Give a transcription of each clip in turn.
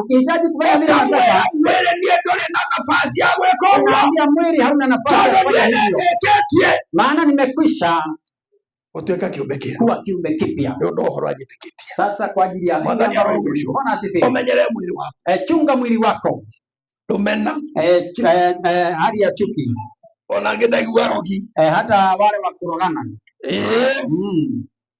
Ukihitaji kufanya bila mataka, wewe ndiye ndole na nafasi yako yako, kuomba. Unaambia mwili hauna nafasi ya kufanya hivyo, maana nimekwisha utuika kiumbe kia kuwa kiumbe kipya ndio ndo horo ajitikitia sasa kwa ajili ya mwathani arogucu ona asifiwe umenyeree mwili wako e, chunga mwili wako rumena e, eh, ch, e, e, hali ya chuki ona ngithaigua rogi e, hata wale wa kurogana e. mm.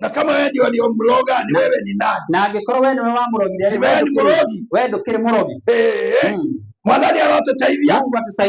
na kama wewe ndio aliyomloga ni wewe ni nani na angikorwo wewe niwe wamurogire si wewe ni murogi wewe kile murogi eh, eh. Hmm mwathani arotuteithia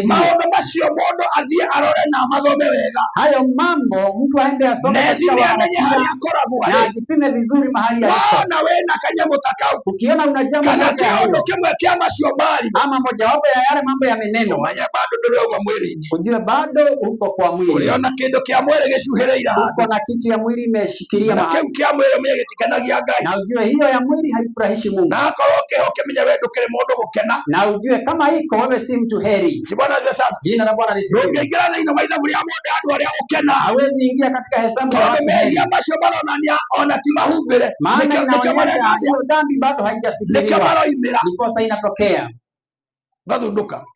maundu macio mundu athie arore na mathome wega hayo mambo mtu aende asome nethime amenye haria akoragwa na ajipime vizuri mahali aliko waona wena kanyamu takau ukiona una jambo kana kiundu kimwe kia macio mbali ama mojawapo ya yale mambo ya meneno manya bado nduri ugwa mwili ujue bado uko kwa mwili uliona kindu kia mwili gicuhireira uko na kitu ya mwili imeshikilia na kiu kia mwili umegitikanagia ngai na ujue hiyo ya mwili haifurahishi Mungu na akorwo ukihoke menya we ndukiri mundu gukena na ujue kama haikowe mtu heri. Si Bwana asifiwe. Jina la Bwana lisifiwe. Ndongegera ino maitha muri amonde andu aria ukena. Hawezi ingia katika hesabu ya watu. ona Maana hiyo dhambi bado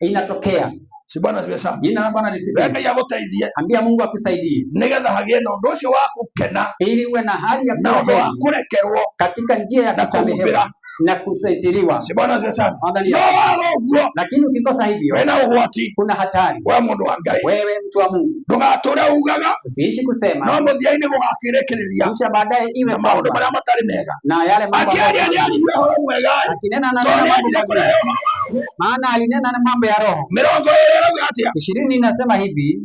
inatokea. Inatokea. Si Bwana Jina la Bwana ya Ambia Mungu akusaidie. Nigetha hagie na wa Ili uwe na hali ya kuwa na katika njia ya kusamehewa na kusitiriwa. Si Bwana asifiwe sana. lakini ukikosa hivyo wena ugwati, kuna hatari. Wewe mtu wa Ngai, wewe mtu wa Mungu, Ndoga ndugature ugaga, usiishi kusema Na no muthiaini gugakirekereria, kisha baadaye iwe maundu maria matari mega na yale mambo akiaria ali ali horo mwega, akinena na mambo. maana alinena na mambo ya roho. mirongo ile ĩrauga atĩa? 20 inasema hivi